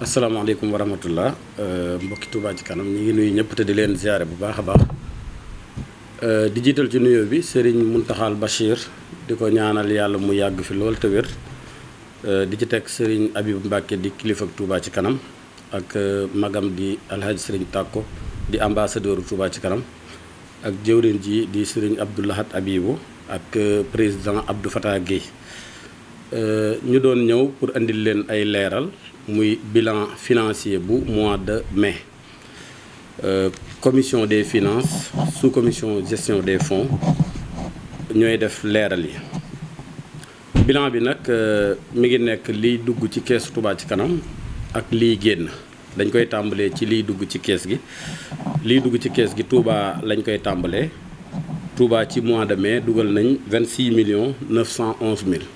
asalaamaaleykum wa rahmatullah euh, mbokki Touba ci kanam ñu ngi nuyu ñëpp te di leen ziare bu baax a baax euh, di jiital ci nuyoo bi Serigne muntaxal Bachir di ko ñaanal yàlla mu yàgg fi lool te wér euh, di ci teg Serigne Abib Mbacke di kilifa ak ci kanam ak magam di Alhaji sëriñ Tako di ambassadeur Touba ci kanam ak jëwriñ ji di sëriñ Abdoulahat Abibou ak président Abdou Fatah Guèye ñu doon ñëw pour andil leen ay leeral. muy bilan financier bu mois de mai euh, commission des finances sous commission gestion des fonds ñooy def leeral yi bilan bi nag euh, mi ngi nekk liy dugg ci kees Touba ci kanam ak liy génn dañ koy tàmbalee ci liy dugg ci kees gi liy dugg ci kees gi Touba lañ koy tàmbalee Touba ci mois de mai dugal nañ vingt six million neuf cent onze mille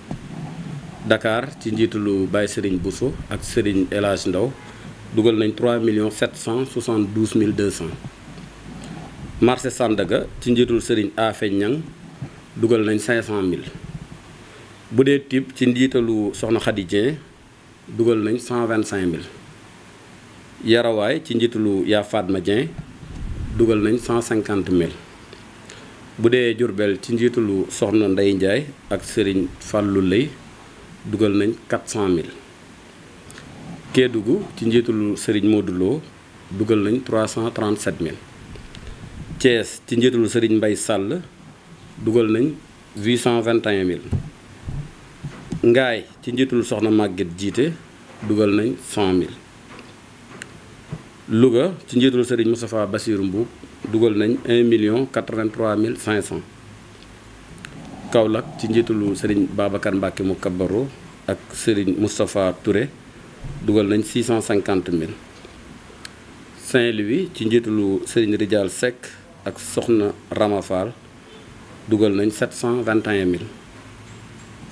Dakar ci njiitalu Baye Serigne Bousso ak Serigne El Hadj Ndaw dugal nañ 3 millions 772 mille 200 marché Sandaga ci njiitalu Serigne Afe Ñang dugal nañ 500 mille bu dee tib ci njiitalu Soxna Khady Dieng dugal nañ 125 mille Yarawaay ci njiitalu Yaa Fatma Dieng dugal nañ 150 mille bu dee Jurbel ci njiitalu Soxna Ndey Ndiaye ak sëriñ Fallou Lay dugal nañ 400000 Kédougou ci njiitul Serigne Modou Lo dugal nañ cent 337000 Thiès ci njiitul Serigne mbay Sall dugal nañ 821000 Ngaay ci njiitul Soxna Maguette Jiite dugal nañ 100000 Louga ci njiitul Serigne Moustapha Bassirou Mbuub dugal nañ 1 million 83 mille 500 Kaolack ci njiitalu Serigne Babacar Mbacke mu Kabaro ak Serigne Moustapha Touré dugal nañ 650 000 Saint-Louis ci njiitalu Serigne Rijal Seck ak Soxna Rama dugal nañ 721 000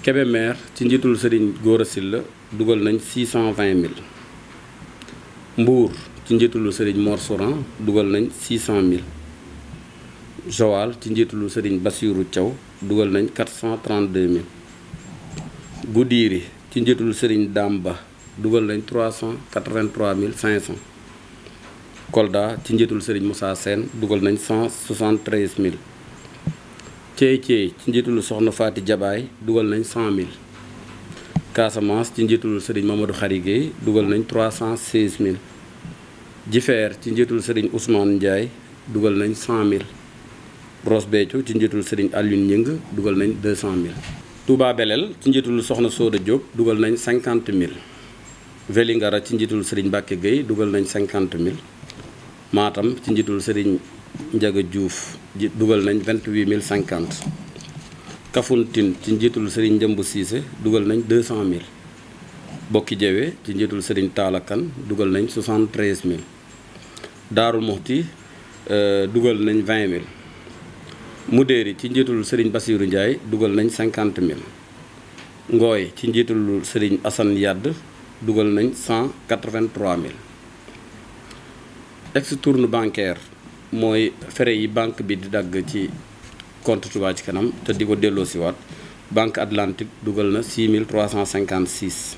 Kébémer ci njiitalu Serigne Gora Sylla dugal nañ 620 000 Mbour ci njiitalu Serigne Mor Souran dugal nañ 600 000 Joal ci njiitalu Serigne Bassirou Thiaw dugal nañ 432000 Goudiri ci njiitul Serigne Dame Ba dugal nañ 383500 Kolda ci njiitul Serigne Moussa Sène dugal nañ 173000 Thiey Thiey ci njiitul Soxna Faati Jabaay dugal nañ 100000 Casamance ci njiitul Serigne Mamadou Khary Guèye dugal nañ 316000 Jifeer ci njiitul Serigne Ousmane Ndiaye dugal nañ 100000 Ross Béthio ci njiitul Serigne Alioune Ñing dugal nañ 200000. Touba Belel ci njiitul Soxna Sooda jóg dugal nañ 50000. Vélingara ci njiitul Serigne Mbacke Gueye dugal nañ 50000. maatam ci njiitul Serigne Ndiaga Diouf ji dugal nañ 28050. Kafountine ci njiitul Serigne Njëmb Cissé dugal nañ 200000. Bokki Jewe ci njiitul Serigne Talla dugal nañ 73000. Daaru Muxti dugal nañ vingt 20000. Mudéeri ci njiitul Serigne Bassirou Ndiaye dugal nañ cinquante mille Ngooy ci njiitul Serigne Assane Yadd dugal nañ cent quatre-vingt-trois mille extourne bancaire mooy fere yi banque bi di dagg ci compte Touba ci kanam te di ko delloosiwaat banque Atlantique dugal na six mille trois cent cinquante-six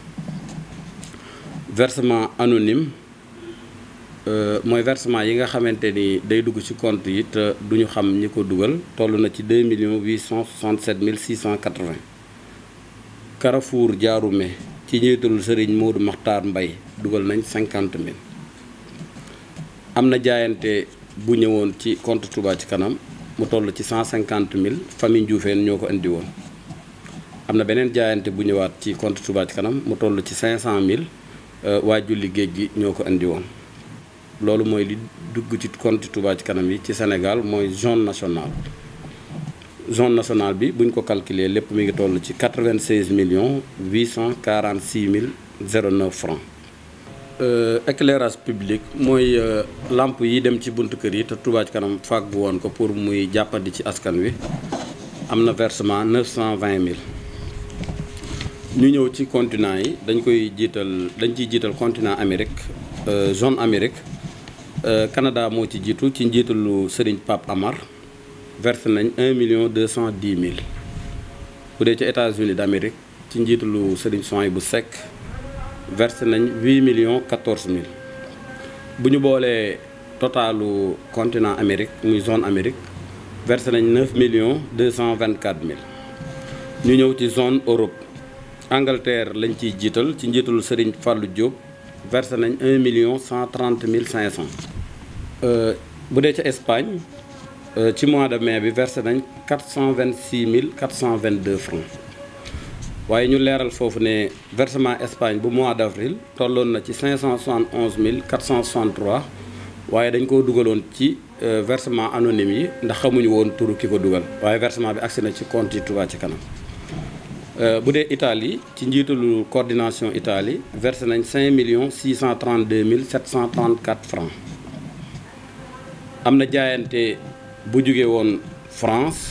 versement anonyme Euh, mooy versement yi nga xamante ni day dugg ci compte yi te du ñu xam ñi ko dugal toll na ci 2 millions 867 mille 680 Carrefour Diaroume ci njiitul Serigne Modou Makhtar Mbaye dugal nañ 50 mille am na jaayante bu ñëwoon ci compte Touba ci kanam mu toll ci 150 mille famille Ndioufène ñoo ko indi am na beneen jaayante bu ñëwaat ci compte Touba kanam mu toll ci 500 mille euh, waaju liggéey gi ñoo ko indi woon loolu mooy li dugg ci compte Touba kanam yi ci Sénégal mooy zone nationale zone nationale bi buñ ko calculer lépp mu ngi toll ci 96 millions 846 mille 09 francs euh, éclairage publique mooy euh, làmp yi dem ci buntu kër yi te Touba ci kanam fàggu woon ko pour muy jàppandi ci askan wi am na versement 920 mille ñu ñëw ci continent yi dañ koy jiital dañ ciy jiital continent Amérique euh, zone Amérique Euh, Canada moo ci jiitu ci njiitalu Serigne Pape Amar versé nañ 1 million 210 mille bu dee ci États-Unis d'Amérique ci njiitalu Serigne yi bu Seck versé nañ 8 millions 14 mille bu ñu boolee totalu continent Amérique muy zone Amérique versé nañ 9 millions 224 mille ñu ñëw ci zone Europe Angleterre lañ ciy jiital ci njiitalu Serigne Fallou Diop versé nañ 1 million 130 mille 500 Euh, bu dee ca Espagne euh, ci mois de mai bi versé nañ 426 422 francs waaye ñu leeral foofu ne versement Espagne bu mois d' avril tolloon na ci 571 463 waaye dañ koo dugaloon ci euh, versement anonyme yi ndax xamuñu woon turu ki ko dugal waaye versement bi agsi na ci compte yi ci kanam bu dee Italie ci njiitalu coordination Italie verse nañ 5 632 734 francs am na jaayante bu jógee woon France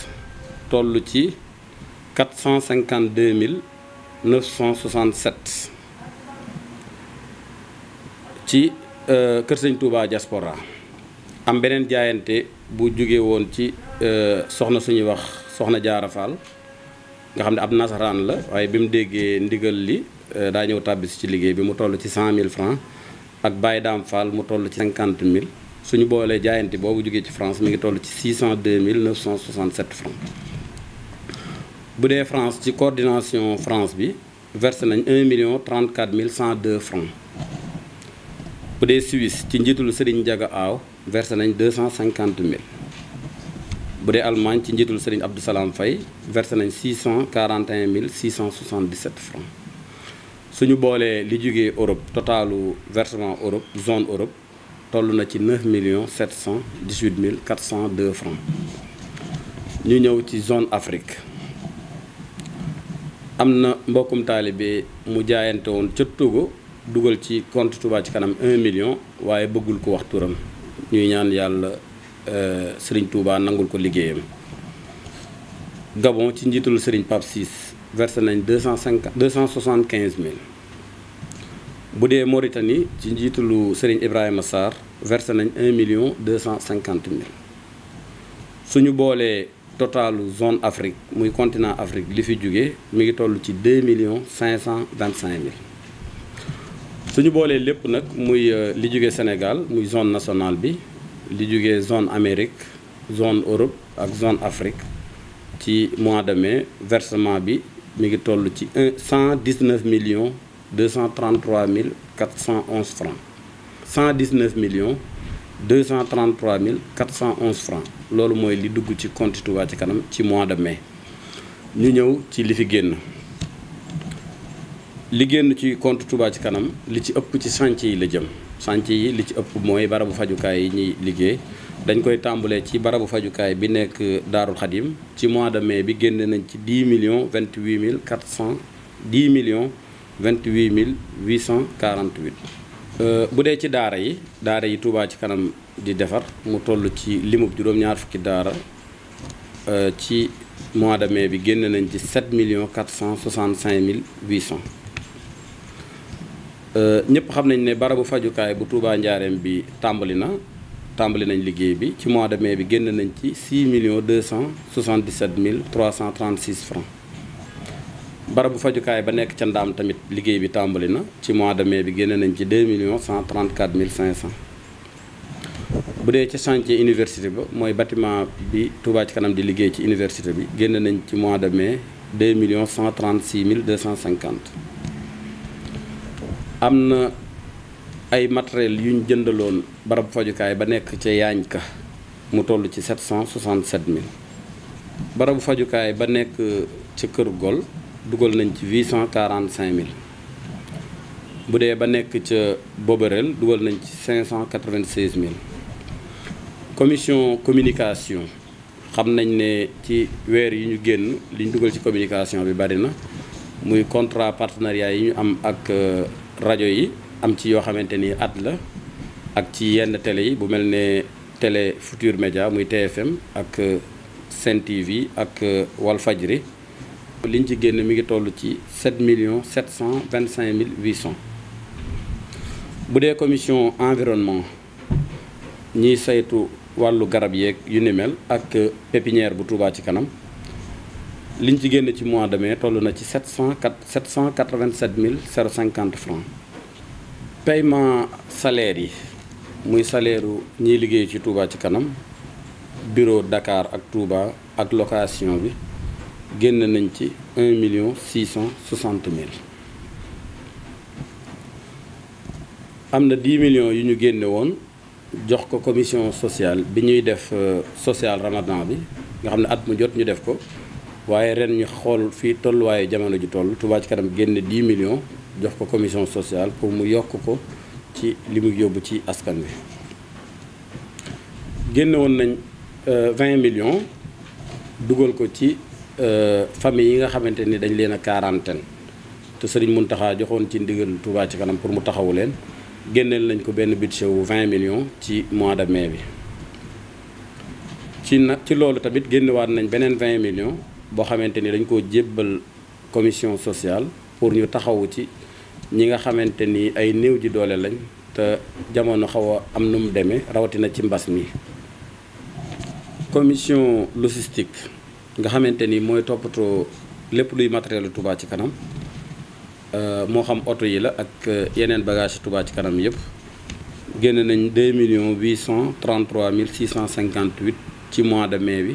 toll ci quatre cinquante deux mille neuf cent soixante sept ci euh, Kër Sëñ Touba diaspora am beneen jaayante bu jógee woon ci euh, soxna suñuy wax soxna Jaara Faal nga xam ne ab nasaraan la waaye bi mu déggee ndigal li euh, daa ñëw tàbbisi ci liggéey bi mu toll ci cent mille francs ak bay Daam Faal mu toll ci cinquante mille suñu boolee jaayante boobu jógee ci France mi ngi toll ci 602 967 francs bu dee France ci coordination France bi verse nañ 1 million 34 mille 102 francs bu dee Suisse ci njiitul Serigne Ndiaga Aw versé nañ 250 mille bu dee Allemagne ci njiitul Serigne Abdou Salam Faye versé nañ 641 mille 677 francs suñu boolee li jógee Europe totalu versement Europe zone Europe toll na ci million 9 millions 718 mille 402 francs ñu ñëw ci zone Afrique am na mbokkum taalibe mu jaayante woon ca Togo dugal ci compte Touba ci kanam 1 million waaye bëggul ko wax turam ñuy ñaan yàlla euh, Serigne Touba nangul ko liggéeyam Gabon ci njiitul Serigne Pape Ciss versé nañ 250 275 mille bu dee Mauritanie ci njiitalu Serigne Ibrahima Sarr versé nañ 1 million 250 mille suñu boolee totalu zone Afrique muy continent Afrique li fi jóge mi ngi toll ci 2 millions 525 mille suñu boolee lépp nag muy euh, li jóge Sénégal muy zone nationale bi li jóge zone Amérique zone Europe ak zone Afrique ci mois de mai versement bi mi ngi toll ci 1 119 millions mille cent 233 411 francs 119 millions cent 411 francs loolu mooy li dugg ci compte Touba ci kanam ci mois de mai ñu ñëw ci li fi génn li génn ci compte Touba ci kanam li ci ëpp ci chantier yi la jëm chantier yi li ci ëpp mooy barabu fajukaay yi ñuy liggéey dañ koy tàmbalee ci barabu fajukaay bi nekk Daarul Xadim ci mois de mai bi génn nañ ci 10 millions 28 mille cent 10 millions vingt-huit mille huit cent quarante-huit euh, bu dee ci daara yi daara yi Touba ci kanam di defar mu toll ci limub juróom-ñaar fukki daara euh, ci mois de mai bi génn nañ ci sept million quatre cent soixante-cinq mille huit cent euh, ñëpp xam nañ ne barabu fajukaay bu tuubaa Njaareem bi tàmbali na tàmbali nañ liggéey bi ci mois de mai bi génn nañ ci six millions deux cent soixante-dix-sept mille trois cent trente-six francs barabu fajukaay ba nekk ca ndaam tamit liggéey bi tàmbali na ci mois de mais bi génne nañ ci 2 millions 134 mille cent bu dee ci chantier université ba mooy bâtiment bi Touba ci kanam di liggéey ci université bi génne nañ ci mois de mai 2 millions 136 mille 250 am na ay matériel yu ñu jëndaloon barabu fajukaay ba nekk ca yaañ ka mu toll ci 767 mille barabu fajukaay ba nekk ca kër gol dugal nañ ci huit cent quarante cinq mille bu dee ba nekk ca Boberel dugal nañ ci cinq cent quatre vingt seize mille commission communication xam nañ ne ci weer yi ñu génn liñ dugal ci communication bi bari na muy contrat partenariat yi ñu am ak euh, rajo yi am ci yoo xamante ni at la ak ci yenn télé yi bu mel ne télé Futur Média muy TFM ak euh, Sen TV ak euh, Walfajri liñ ci génn mi ngi toll ci 7 millions 725 mille 800 bu dee commission environnement ñiy saytu wàllu garab yeeg yu ni mel ak pépinière bu Touba ci kanam liñ ci génn ci mois de mai toll na ci 704 787 mille 050 francs paiement salaire yi muy salaire ñiy liggéey ci Touba ci kanam bureau Dakar ak tuuba ak location bi génn nañ ci un million cent soixante mille am na dix million yu ñu génne woon jox ko commission sociale bi ñuy def euh, social ramadan bi nga xam ne at mu jot ñu def ko waaye ren ñu xool fii tolluwaayu jamono ji toll Touba Ca Kanam génn dix million jox ko commission sociale pour mu yokk ko ci li mu yóbbu ci askan wi génne woon nañ euh, vingt millions dugal ko ci. Euh, famille yi nga xamante ni dañ leen a quarantaine te mun Mountakha joxoon ci ndigal Touba ci kanam pour mu taxawu leen génneel nañ ko benn budget wu 20 millions ci mois de mais bi. ci nag ci loolu tamit génnewaat nañ beneen 20 millions boo xamante ni dañ koo jébbal commission sociale pour ñu taxawu ci ñi nga xamante ni ay néew ji doole lañ te jamono xaw a am nu mu demee rawatina ci mbas mi. commission logistique. nga xamante ni mooy toppatoo lépp luy matériel Touba ci kanam euh, moo xam oto yi la ak euh, yeneen bagage tubaa ci kanam yëpp génne nañ 2 millions 833 mille 658 ci mois de mai bi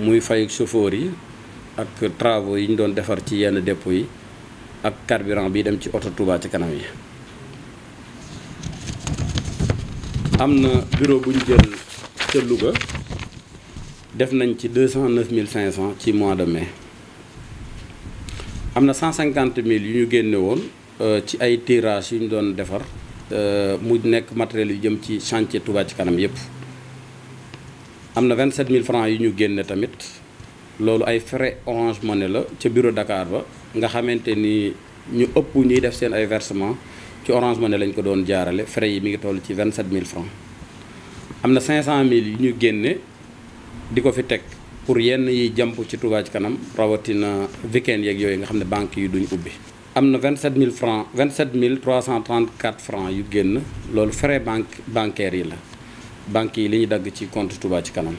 muy fayu chauffeur yi ak travaux yi ñu doon defar ci yenn dépôt yi ak carburant bi dem ci oto Touba ci kanam yi am na bureau bu ñu jël ca Louga def nañ ci deux cent neuf mille cinq cent ci mois de mai am na cent cinquante mille yu ñu génne woon euh, ci ay tirage yu ñu doon defar euh, mu nekk matériel yu jëm ci chantier tubaat ci kanam yépp am na vingt sept mille francs yu ñu génne tamit loolu ay frais Orange Money la ca bureau Dakar ba nga xamante ni ñu ëpp ñuy def seen ay versement ci Orange Money lañ ko doon jaarale frais yi mi ngi toll ci vingt sept mille francs am na mille yu ñu génne di ko fi teg pour yenn yi jàmp ci Touba ci kanam rawatina weekend yeeg yooyu nga xam ne banque yi duñ ubbi. am na 27000 francs 27334 francs yu génn loolu frais banque bancaire yi la banque yi li ñu dagg ci compte Touba ci kanam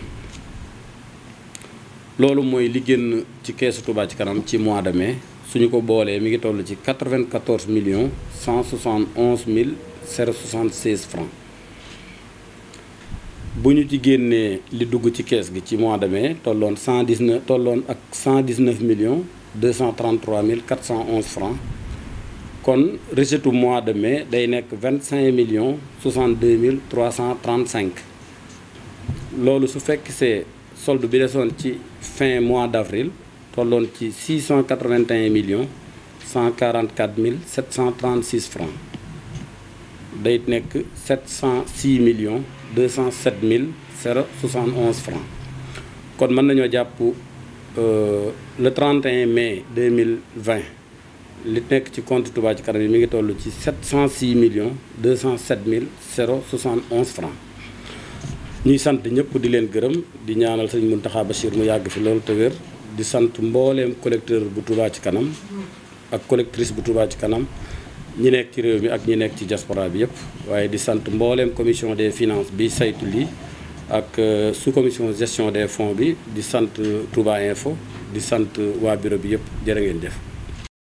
loolu mooy li génn ci keesu Touba ci kanam ci mois de mai suñu ko boolee mi ngi toll ci 94 millions 171 mille 076 francs bu ñu ci li dugg ci kees gi ci mois de mais tolloon cent dix neuf tolloon ak cent dix neuf millions deux cent trente mille quatre cent onze francs kon recette mois de mais day nekk vingt cinq millions soixante deux mille trois cent trente cinq loolu su fekk see solde bi desoon ci fin mois d' avril tolloon ci six cent quatre cent quarante quatre mille sept cent trente six francs day nekk sept cent six millions. mille 207 071 francs kon mën nañoo jàpp euh, le deux mille vingt li nekk ci compte Touba ci kanam yi mi ngi toll ci 706 millions 207 mille 071 francs ñuy sant ñëpp di leen gërëm di ñaanal sëñ Mountakha Bachir mu yàgg fi loolu te di sant mbooleem collecteur bu Touba ci kanam ak collectrice bu Touba ci kanam ñi nekk ci réew mi ak ñi nekk ci diaspora bi yëpp waaye di sant mbooleem commission des finance bi saytu lii ak euh, sous commission gestion des fonds bi di sant euh, Touba Info di sant euh, waa bureau bi yëpp jërë ngeen def